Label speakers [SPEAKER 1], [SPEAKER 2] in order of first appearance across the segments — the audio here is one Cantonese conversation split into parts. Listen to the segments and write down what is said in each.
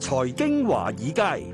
[SPEAKER 1] 財經華
[SPEAKER 2] 爾街，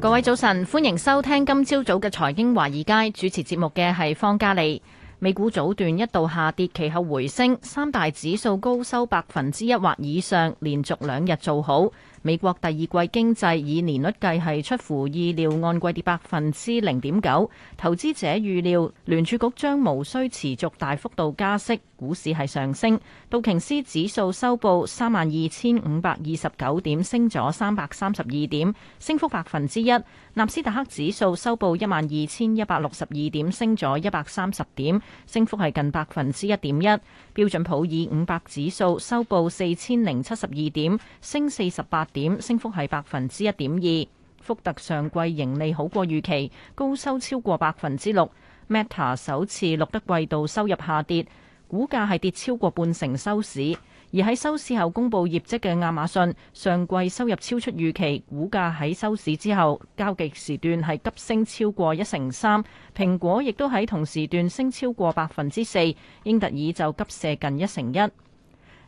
[SPEAKER 2] 各位早晨，歡迎收聽今朝早嘅財經華爾街主持節目嘅係方嘉莉。美股早段一度下跌，其後回升，三大指數高收百分之一或以上，連續兩日做好。美國第二季經濟以年率計係出乎意料按季跌百分之零點九，投資者預料聯儲局將無需持續大幅度加息，股市係上升。道瓊斯指數收報三萬二千五百二十九點，升咗三百三十二點，升幅百分之一。納斯達克指數收報一萬二千一百六十二點，升咗一百三十點，升幅係近百分之一點一。標準普爾五百指數收報四千零七十二點，升四十八點升幅係百分之一點二，福特上季盈利好過預期，高收超過百分之六。Meta 首次錄得季度收入下跌，股價係跌超過半成收市。而喺收市後公布業績嘅亞馬遜，上季收入超出預期，股價喺收市之後交易時段係急升超過一成三。蘋果亦都喺同時段升超過百分之四，英特爾就急瀉近一成一。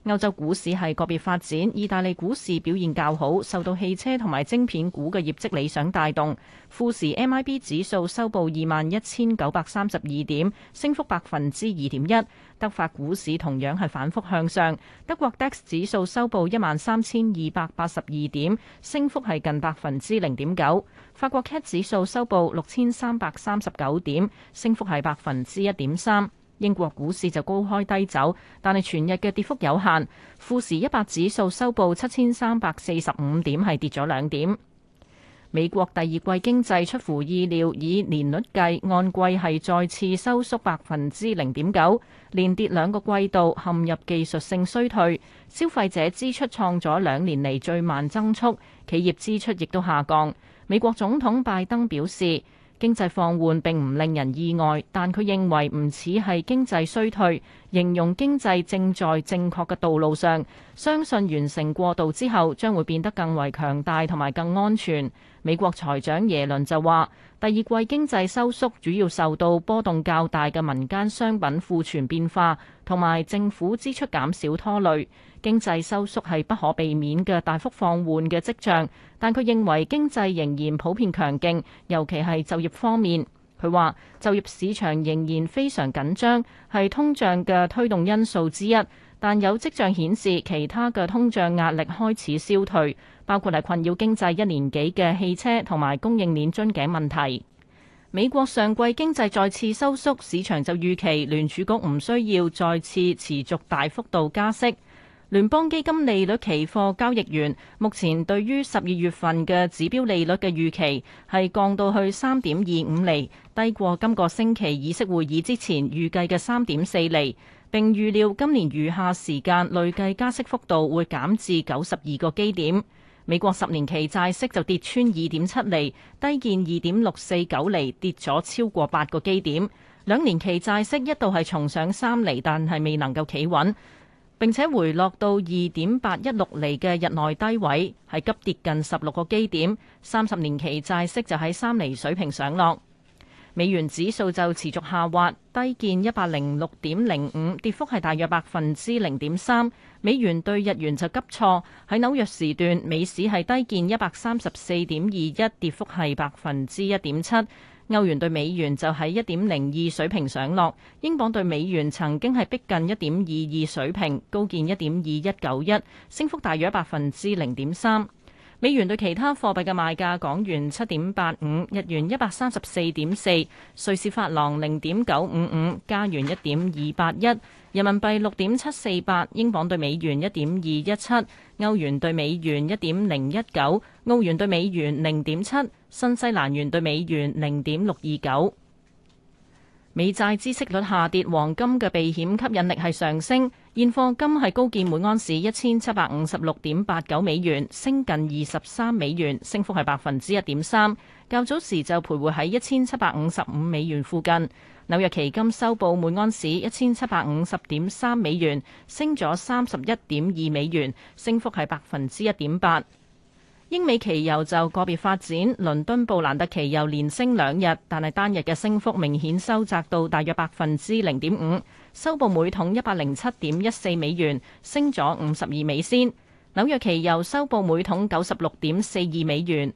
[SPEAKER 2] 歐洲股市係個別發展，意大利股市表現較好，受到汽車同埋晶片股嘅業績理想帶動。富時 MIB 指數收報二萬一千九百三十二點，升幅百分之二點一。德法股市同樣係反覆向上，德國 DAX 指數收報一萬三千二百八十二點，升幅係近百分之零點九。法國 CAC 指數收報六千三百三十九點，升幅係百分之一點三。英國股市就高開低走，但係全日嘅跌幅有限。富時一百指數收報七千三百四十五點，係跌咗兩點。美國第二季經濟出乎意料，以年率計，按季係再次收縮百分之零點九，連跌兩個季度，陷入技術性衰退。消費者支出創咗兩年嚟最慢增速，企業支出亦都下降。美國總統拜登表示。經濟放緩並唔令人意外，但佢認為唔似係經濟衰退，形容經濟正在正確嘅道路上，相信完成過渡之後將會變得更為強大同埋更安全。美國財長耶倫就話。第二季經濟收縮主要受到波動較大嘅民間商品庫存變化，同埋政府支出減少拖累。經濟收縮係不可避免嘅大幅放緩嘅跡象，但佢認為經濟仍然普遍強勁，尤其係就業方面。佢話就業市場仍然非常緊張，係通脹嘅推動因素之一。但有迹象顯示，其他嘅通脹壓力開始消退，包括係困擾經濟一年幾嘅汽車同埋供應鏈樽頸問題。美國上季經濟再次收縮，市場就預期聯儲局唔需要再次持續大幅度加息。聯邦基金利率期貨交易員目前對於十二月份嘅指標利率嘅預期係降到去三點二五厘，低過今個星期議息會議之前預計嘅三點四厘。並預料今年餘下時間累計加息幅度會減至九十二個基點。美國十年期債息就跌穿二點七厘，低見二點六四九厘，跌咗超過八個基點。兩年期債息一度係重上三厘，但係未能夠企穩，並且回落到二點八一六厘嘅日內低位，係急跌近十六個基點。三十年期債息就喺三厘水平上落。美元指數就持續下滑，低見一百零六點零五，跌幅係大約百分之零點三。美元對日元就急挫，喺紐約時段，美市係低見一百三十四點二一，跌幅係百分之一點七。歐元對美元就喺一點零二水平上落，英鎊對美元曾經係逼近一點二二水平，高見一點二一九一，升幅大約百分之零點三。美元對其他貨幣嘅賣價：港元七點八五，日元一百三十四點四，瑞士法郎零點九五五，加元一點二八一，人民幣六點七四八，英鎊對美元一點二一七，歐元對美元一點零一九，澳元對美元零點七，新西蘭元對美元零點六二九。美債孳息率下跌，黃金嘅避險吸引力係上升。現貨金係高見每安士一千七百五十六點八九美元，升近二十三美元，升幅係百分之一點三。較早時就徘徊喺一千七百五十五美元附近。紐約期金收報每安士一千七百五十點三美元，升咗三十一點二美元，升幅係百分之一點八。英美期油就個別發展，倫敦布蘭特期油連升兩日，但係單日嘅升幅明顯收窄到大約百分之零點五，收報每桶一百零七點一四美元，升咗五十二美仙。紐約期油收報每桶九十六點四二美元，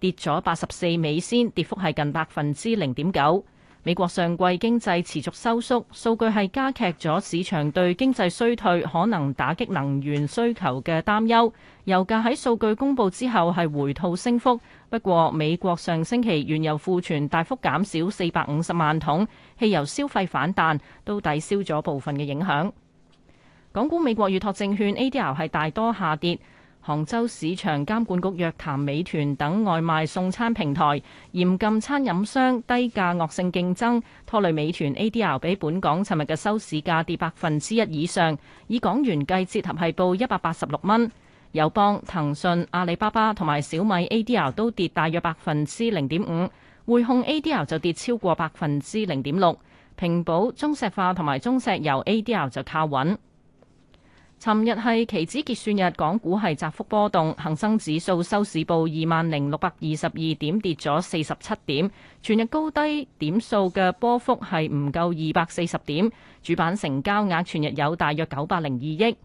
[SPEAKER 2] 跌咗八十四美仙，跌幅係近百分之零點九。美國上季經濟持續收縮，數據係加劇咗市場對經濟衰退可能打擊能源需求嘅擔憂。油價喺數據公布之後係回吐升幅，不過美國上星期原油庫存大幅減少四百五十萬桶，汽油消費反彈都抵消咗部分嘅影響。港股美國預託證券 ADR 係大多下跌。杭州市場監管局約談美團等外賣送餐平台，嚴禁餐飲商低價惡性競爭，拖累美團 ADR 比本港尋日嘅收市價跌百分之一以上，以港元計，折合係報一百八十六蚊。友邦、騰訊、阿里巴巴同埋小米 ADR 都跌大約百分之零點五，匯控 ADR 就跌超過百分之零點六，平保、中石化同埋中石油 ADR 就靠穩。尋日係期指結算日，港股係窄幅波動，恒生指數收市報二萬零六百二十二點，跌咗四十七點，全日高低點數嘅波幅係唔夠二百四十點，主板成交額全日有大約九百零二億。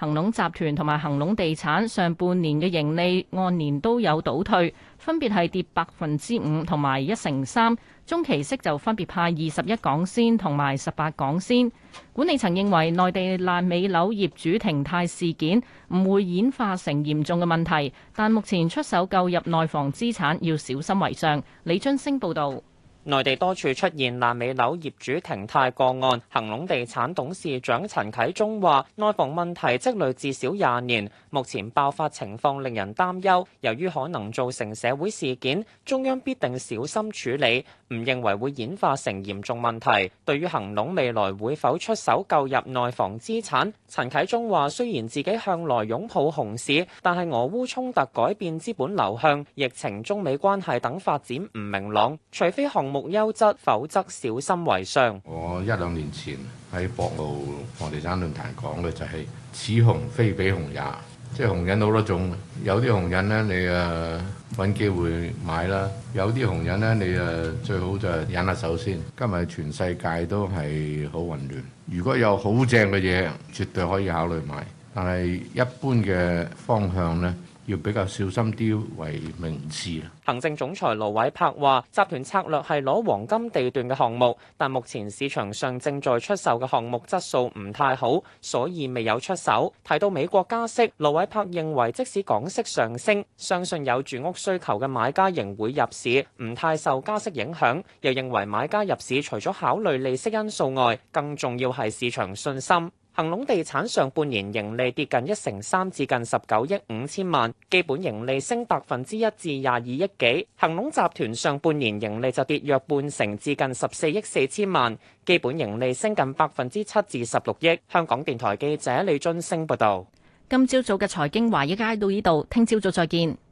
[SPEAKER 2] 恒隆集團同埋恒隆地產上半年嘅盈利按年都有倒退，分別係跌百分之五同埋一成三。中期息就分別派二十一港仙同埋十八港仙。管理層認為內地爛尾樓業主停貸事件唔會演化成嚴重嘅問題，但目前出手購入內房資產要小心為上。李津升報導。
[SPEAKER 1] 內地多處出現爛尾樓業主停貸個案，恒隆地產董事長陳啟宗話：內房問題積累至少廿年，目前爆發情況令人擔憂。由於可能造成社會事件，中央必定小心處理，唔認為會演化成嚴重問題。對於恒隆未來會否出手購入內房資產，陳啟宗話：雖然自己向來擁抱熊市，但係俄烏衝突改變資本流向，疫情、中美關係等發展唔明朗，除非項目，冇優質，否則小心為上。我一兩年前喺博澳房地產論壇講嘅就係：此紅非彼紅也，即係紅人好多種，有啲紅人呢，你啊揾機會買啦，有啲紅人呢，你誒、啊、最好就忍下手先。今日全世界都係好混亂，如果有好正嘅嘢，絕對可以考慮買，但係一般嘅方向呢。要比較小心啲為明智啦。行政總裁盧偉柏話：集團策略係攞黃金地段嘅項目，但目前市場上正在出售嘅項目質素唔太好，所以未有出手。提到美國加息，盧偉柏認為即使港息上升，相信有住屋需求嘅買家仍會入市，唔太受加息影響。又認為買家入市除咗考慮利息因素外，更重要係市場信心。恒隆地產上半年盈利跌近一成三，至近十九億五千萬，基本盈利升百分之一至廿二億幾。恒隆集團上半年盈利就跌約半成，至近十四億四千萬，基本盈利升近百分之七至十六億。香港電台記者李津升報道。
[SPEAKER 2] 今朝早嘅財經華爾街到呢度，聽朝早，早再見。